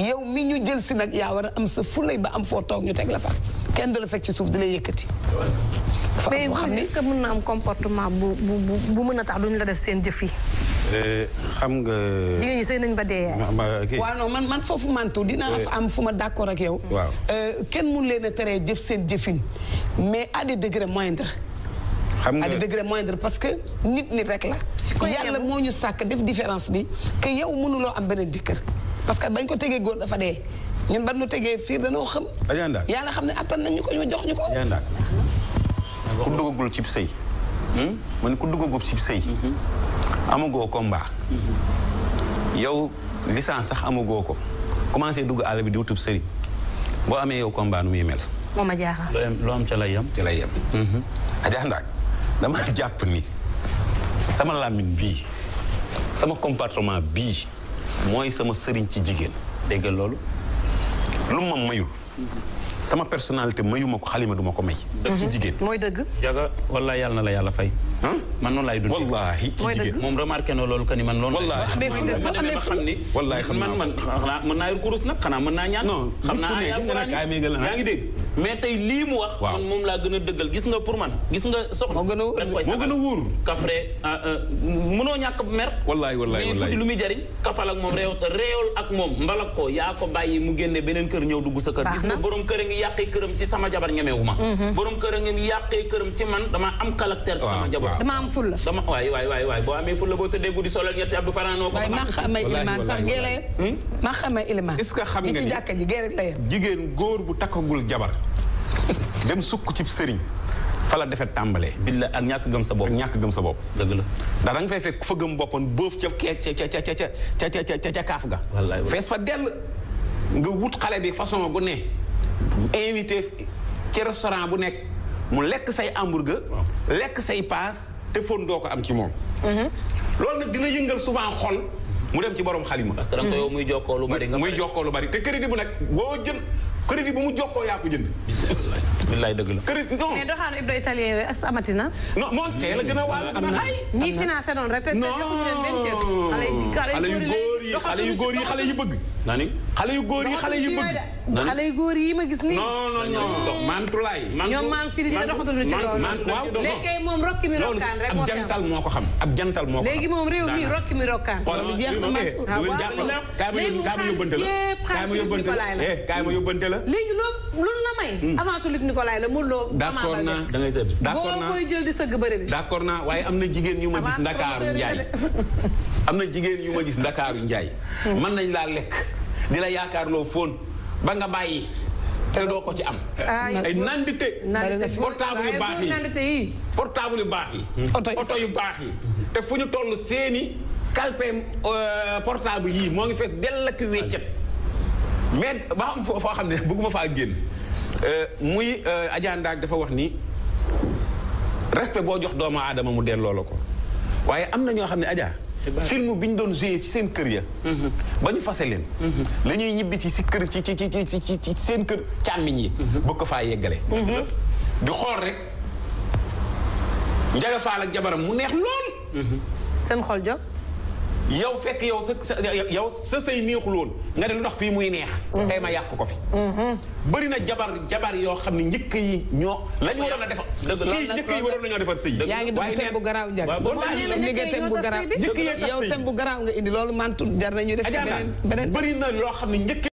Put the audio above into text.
yow mi ñu jël si nag yaa war a am sa fulay ba am foo toog ñu teg la fa kenn du la fekk ci suuf di lay yëkkati. mais est-ce que mën na am comportement bu bu bu mën a tax duñ la def seen jëf yi. Eh, xam nga. jigéen ñi sëy nañ man man foofu mantu dinaa eh. am fu ma d'accord ak yow. waaw eh, kenn mun leen a teree jëf seen jëfin mais à des degrés moindres. xam nga à des degrés moindres parce que nit nit rek la. yàlla moo ñu sàkk def différence bi que yow mënuloo am beneen jëkkër. parce que bañ ko tegee góor dafa de ñun ban nu tegee fii danoo xam. yàlla xam ne attan nañu ko ñu jox ñu ko. ku duggagul cib sëy. Hmm? man ku duggagul cib sëy. Hmm. amagoo combat. Hmm. yow licence sax amagoo ko commencé dugg àll bi di wutub sëriñ boo amee yow combat nu muy mel. moom a jaaxal. loo am ca lay yem. ca lay yem. Adja Ndak dama jàpp ni sama làmmiñ bii sama comportement bii. mooy sama sëriñ ci jigéen dégg loolu lu ma mayul sama personnalité mayuma ko xalima duma ko may. ci jigéen mooy dëgg. jaga wallaahi yàlla la yàlla fay. man noonu laay dund. moom remarqué na loolu que ni man. loolu laay xam ni. wallaahi xam naa man man xanaa mën naa yor kurus nag xanaa mën naa ñaan. non xam naa ay alxuraan yaa ngi a a a ko bàyyi mu génne beneen kër ñëw dugg sa kër gis nga borom kër ngi yàqee këram ci sama jabar ñemewu ma borom kër a ngi yàqee këram ci man dama am caractère ci sama jabar dama waay waay waay waay boo amee fulla boo tëddee guddi solal ñetti abdou fanaanoo ko ma xamay iliman que xam nga ci jàkka ji géere la yem jigéen góor bu takkagul jabar dem sukk ci sëriñ fa la defet tàmbalee billa ak ñàkk gëm sa bopp ak ñàkk gëm sa bopp dëgg la ndax da nga fay fekk fa gëm boppam boof ca ca ca ca ca ca ca kaaf ga fees fa dell nga wut xale bi façon bu ne invité ci restaurant bu nekk mu lekk say hamburger lekk say paas te fóon doo ko am ci moom mhm. loolu nag dina yëngal souvent xol mu dem ci borom xalima parce que yow muy jokkoo lu lu bari te crédit bu nag boo jënd crédit bu mu jokkoo yaa ko jënd billaay dëgg la crédit non mais doxaanu ibro italien yooyu as amatina non moom teel a gën a wàll am na xay ñii financé noonu rek te joxuñu leen benn cër xale yu góor yi xale yu góor yi xale yu bëgg. nani xale yu góor yi xale yu bëgg. xale yu góor yi ma gis nii. non non ñoom mantulaay. ñoom maam si dina doxatul ci loolu. man waaw léegi moom rokki mi rokkaan rek ko xam ab jantal moo ko xam. léegi moom réew mi rokki mi rokkaan. loolu jeex na ma ah waaw kaay ma yóbbante la. léegi loolu loolu la may. Hmm. avance Luc Nicolaï la mënuloo. d'accord naa da ngay jël d'accord naa boo koy jël di sëgg bëri bi. d'accord naa waaye am na jigéen ma gis Ndakaaru Njaay am na jigéen yu ma gis Ndakaaru Njaay njaay mën nañ laa lekk di la yaakaar loo fóon ba nga bàyyi te doo ko ci am. ay nandite. portable yu baax yi portable yu baax yi. oto yu baax yi. te fu ñu toll seeni kalpe euh, portable yii moo ngi fees dell ak wéccet mais ba xam foo xam ne bëgguma faa génn euh, muy euh, Adja Ndaak dafa wax ni respect boo jox doomu aadama mu delloo la ko waaye am na ñoo xam ne Adja. film bi ñu doon joué ci seen kër ya mhm. ba ñu fase leen mhm. la ñuy ñibbi ci si kër ci ci ci ci ci seen kër càmmiñ yi mhm. bëgg ko faa yeggale di xool rek njaga faal ak mu neex lool seen xol jóg yow fekk yow sa yow sa sëy neexul woon nga ne lu tax fii muy neex mm-hmm. tey ma yàq ko fi mm-hmm. bëri na jabar jabar yoo xam ne njëkk yi ñoo la ñu waroon a defar kii njëkk yi waroon nañoo defar sëy yaa ngi dugg thème bu garaaw njag ni nga njëkk yi yow thème garaaw nga indi loolu man jar nañu def beneen beneen bëri loo xam ne njëkk